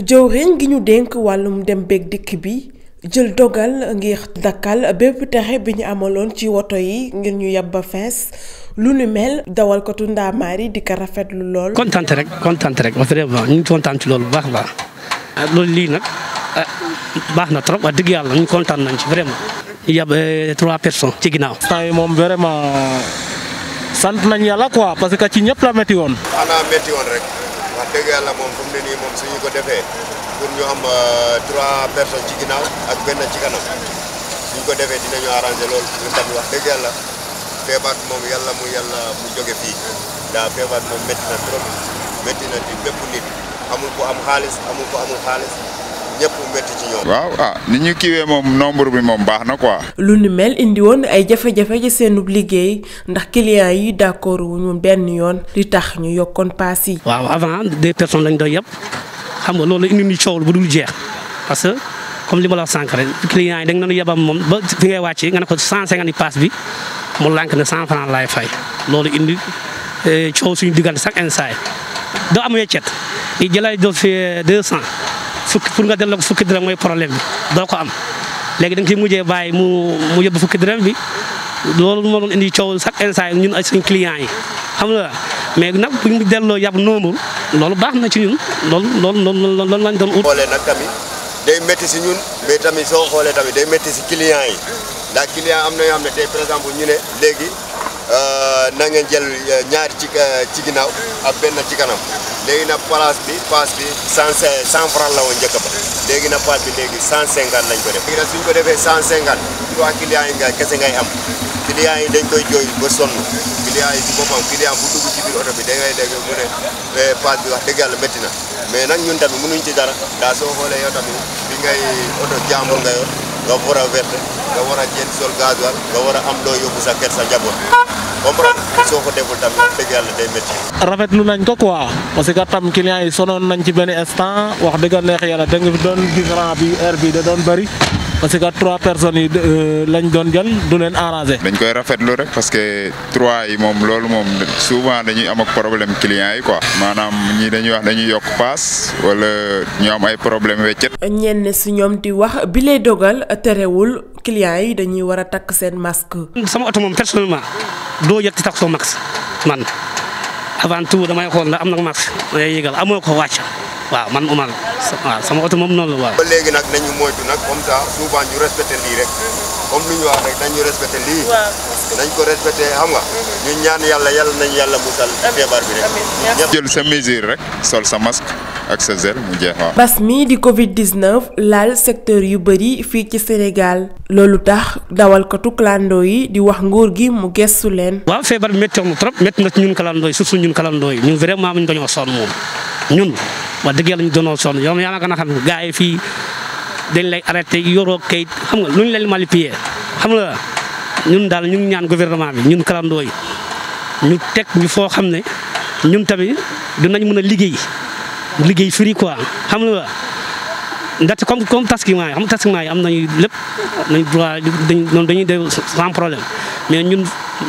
jëwriñ gi ñu dénk wàllum dem beeg dikk bi jël dogal ngir dakkal bépp texe bi ñu amaloon ci woto yi ngir ñu yab ba fees lu nu mel dawal ko tu ndaamaari di ko lu lool. kontaan rek kontaan rek vraiment ñu kontaan ci loolu bu baax baax ah, loolu lii nag ah, baax na trop wax dëgg yàlla ñu kontaan nañ ci vraiment. yab eh, trois personnes ci ginnaaw. temps yi moom vraiment sant nañ yàlla quoi parce que ci ñëpp la métti woon. xanaa métti woon rek. wax dëgg yàlla moom fu mu nii moom suñu ko defee pour ñu am euh, trois personnes ci ginnaaw ak benn ci kanam suñ ko defee dinañu arrangé loolu ñun tamit wax dëgg yàlla feebar moom yàlla mu yàlla mu jóge fii daa feebar moom métti na trop métti na ci bépp nit amul ko am xaalis amul ko amul xaalis ñëpp métti ci ñoom. waaw ah ni ñu kiiwee moom nombre bi moom baax na quoi. lu ni mel indi woon ay jafe-jafe ci seenub liggéey ndax clients yi d'accord wuñu benn yoon li tax ñu yokkoon paas yi. waaw avant deux personnes lañ doon yëpp xam nga loolu indi ñu coow bu dul jeex parce que comme li ma la wax rek clients yi dañ doon yebam moom ba fi ngay wàccee ne ko cent cinquante bi mu lànk ne cent franc laay fay loolu indi eh, coow suñu diggante chaque instant doo am weccet ñu jëlay doo fi fukki pour nga delloo ko fukki mooy problème bi doo ko am léegi da nga ciy mujjee bàyyi mu mu fukki dërëm bi loolu moo doon indi coowul chaque instant ñun ak suñu clients yi xam nga mais nag bu ñu delloo yàpp noonu loolu baax na ci ñun loolu loolu loolu loolu lañ doon ut. xoolee nag tamit day métti si ñun mais tamit soo xoolee tamit day métti si clients yi ndax client am na yoo ne tey par exemple ñu léegi. Euh, na ngeen jël euh, ñaari ci euh, ci ginnaaw ak benn ci kanam léegi nag place bi passe bi cent cent franc la woon njëkk ba léegi nag passe bi léegi cent cinquante lañ ko def léegi suñ ko defee cent cinquante trois yi nga kese ngay am clients yi dañ koy jooy ba sonn clients yi ci boppam client bu dugg ci biir oto bi da ngay dégg mu ne eh, passe bi wax dëgg yàlla métti na mais nag ñun tamit mënuñ ci dara daa soo xoolee yow bi ngay oto jàmbur nga yor nga war a werte nga war a jënd war a am loo yóbbu sa kër sa njaboot comprendre soo ko deful tamit wax dëgg yàlla nañ ko quoi parce que tam client yi sonoon nañ ci benn instant wax dëgg neex yàlla da nga fi doon gis rang bi air bi da doon bëri. parce que trois personnes yi euh, lañ doon jël du len arranger dañ koy rafetlu rek parce que trois yi mom loolu mom souvent dañuy am ak problème client yi quoi manam ñi dañuy wax dañuy yok pass wala ñu am ay problème wéccet ñenn si ñom di wax bi lay dogal terewul client yi dañuy wara a sen masque. sama auto mom personnellement do yëg ci max man avant tout damay xol la amna max day yëgal amoo waaw man Omar waaw sama oto moom noonu la waaw. ba léegi nag nañu moytu nag comme ça souvent ñu respecté lii rek nañu ko respecté xam nga. Mhm. ñu ñaan yàlla yàlla nañ yàlla musal feebar bi rek. jël sa mesure rek sol sa masque ak sa zel mu jeex waaw. mbas mii di Covid 19 laal secteur yu bari fii ci Sénégal loolu tax dawalkatu kalandoo yi di wax nguur gi mu gestu leen. waaw feebar bi métti na trop métti na ci ñun kalandoo yi surtout ñun kalandoo yi ñun vraiment ñu dañoo sonn moom ñun. wax dëgg yàlla ñu doonoo sonn yow yaa ma gën a xam gars yi fii dañ lay arrêté yoroo kayit xam nga lu ñu leen malipiyee xam nga ñun daal ñu ngi ñaan gouvernement bi ñun kalandoo yi ñu teg ñu foo xam ne ñun tamit dinañ mën a liggéey liggéey firi quoi xam nga ndaxte comme comme taskiment yi xam taskiment yi am nañu lépp nañ droit dañ dañuy def sans problème mais ñun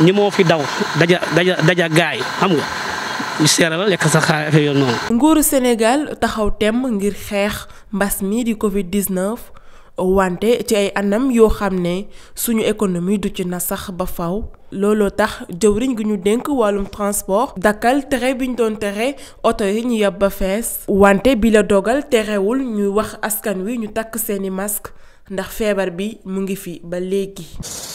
ñi moo fi daw daja daja daja gaay xam nga ñu seeral lekk sa nguuru Sénégal taxaw temm ngir xeex mbas mi di Covid 19 wante ci ay anam yoo xam ne suñu économie du ci na sax ba faw looloo tax jëwriñ gi ñu dénk wàllum transport dakkal tere bi ñu doon tere oto yi ñu yab ba fees. wante bi la dogal terewul ñuy wax askan wi ñu takk seeni mask ndax feebar bi mu ngi fi ba léegi.